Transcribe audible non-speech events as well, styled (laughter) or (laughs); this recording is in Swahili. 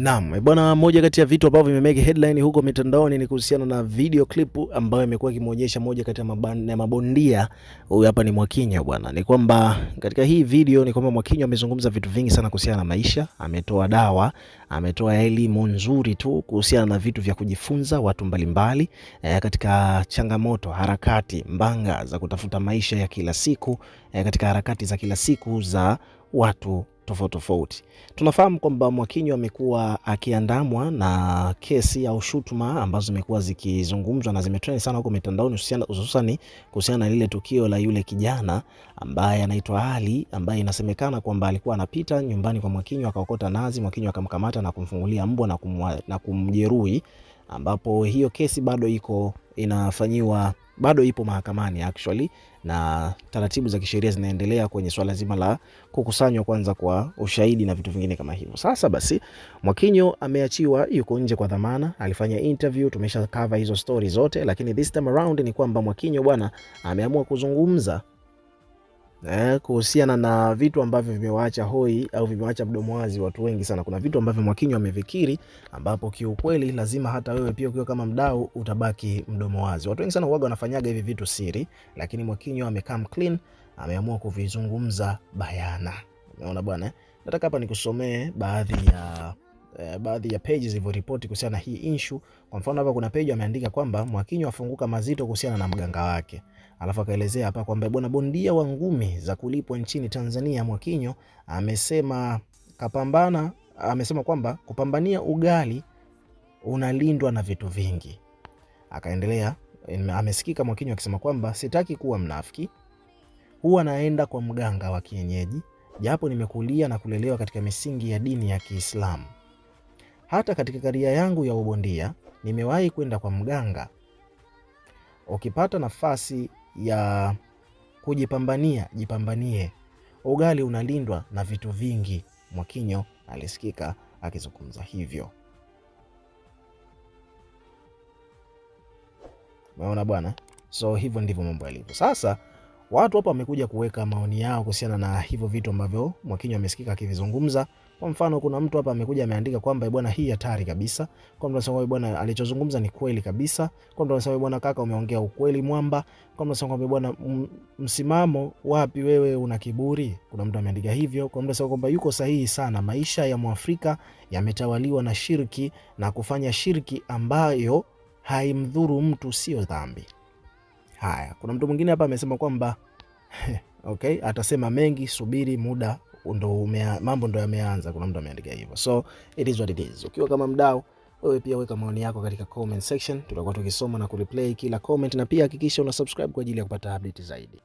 Naam, eh, bwana, moja kati ya vitu ambavyo vimemeke headline huko mitandaoni ni kuhusiana na video clip ambayo imekuwa ikimwonyesha moja kati ya mabondia, huyu hapa ni Mwakinyo bwana. Ni kwamba katika hii video ni kwamba Mwakinyo amezungumza vitu vingi sana kuhusiana na maisha, ametoa dawa, ametoa elimu nzuri tu kuhusiana na vitu vya kujifunza watu mbalimbali mbali, eh, e, katika changamoto, harakati mbanga za kutafuta maisha ya kila siku e, katika harakati za kila siku za watu tofauti tofauti. Tunafahamu kwamba Mwakinyo amekuwa akiandamwa na kesi au shutuma ambazo zimekuwa zikizungumzwa na zimetrend sana huko mitandaoni, hususani kuhusiana na lile tukio la yule kijana ambaye anaitwa Ali, ambaye inasemekana kwamba alikuwa anapita nyumbani kwa Mwakinyo akaokota nazi, Mwakinyo akamkamata na kumfungulia mbwa na, na kumjeruhi, ambapo hiyo kesi bado iko inafanyiwa bado ipo mahakamani actually, na taratibu za kisheria zinaendelea kwenye swala zima la kukusanywa kwanza kwa ushahidi na vitu vingine kama hivyo. Sasa basi, Mwakinyo ameachiwa, yuko nje kwa dhamana, alifanya interview, tumesha cover hizo story zote, lakini this time around ni kwamba Mwakinyo bwana ameamua kuzungumza eh, kuhusiana na vitu ambavyo vimewaacha hoi au vimewaacha mdomo wazi watu wengi sana. Kuna vitu ambavyo Mwakinyo amevikiri ambapo kiukweli lazima hata wewe pia ukiwa kama mdau utabaki mdomo wazi. Watu wengi sana huaga wanafanyaga hivi vitu siri, lakini Mwakinyo amekam clean, ameamua kuvizungumza bayana. Umeona bwana eh? Nataka hapa nikusomee baadhi ya Uh, baadhi ya pages zilivyoripoti kuhusiana na hii issue. Kwa mfano hapa kuna page ameandika kwamba Mwakinyo afunguka mazito kuhusiana na mganga wake. Alafu akaelezea hapa kwamba bwana, bondia wa ngumi za kulipwa nchini Tanzania Mwakinyo amesema kapambana, amesema kwamba kupambania ugali unalindwa na vitu vingi. Akaendelea, amesikika Mwakinyo akisema kwamba sitaki kuwa mnafiki, huwa naenda kwa mganga wa kienyeji japo nimekulia na kulelewa katika misingi ya dini ya Kiislamu. Hata katika karia yangu ya ubondia nimewahi kwenda kwa mganga. Ukipata nafasi ya kujipambania, jipambanie. Ugali unalindwa na vitu vingi. Mwakinyo alisikika akizungumza hivyo. Umeona bwana, so hivyo ndivyo mambo yalivyo. Sasa watu hapa wamekuja kuweka maoni yao kuhusiana na hivyo vitu ambavyo Mwakinyo amesikika akivizungumza. Kwa mfano kuna mtu hapa amekuja ameandika kwamba eh, bwana, hii hatari kabisa. Kwa mtu anasema eh, bwana, alichozungumza ni kweli kabisa. Kwa mtu anasema eh, bwana, kaka umeongea ukweli mwamba. Kwa mtu anasema bwana, msimamo wapi wewe una kiburi. Kuna mtu ameandika hivyo. Kwa mtu anasema kwamba yuko sahihi sana, maisha ya Mwafrika yametawaliwa na shirki na kufanya shirki ambayo haimdhuru mtu sio dhambi. Haya, kuna mtu mwingine hapa amesema kwamba (laughs) okay, atasema mengi, subiri muda ndo mambo ndo yameanza. Kuna mtu ameandika hivyo, so it is what it is. Ukiwa kama mdau wewe pia weka maoni yako katika comment section, tutakuwa tukisoma na kureplay kila comment, na pia hakikisha una subscribe kwa ajili ya kupata update zaidi.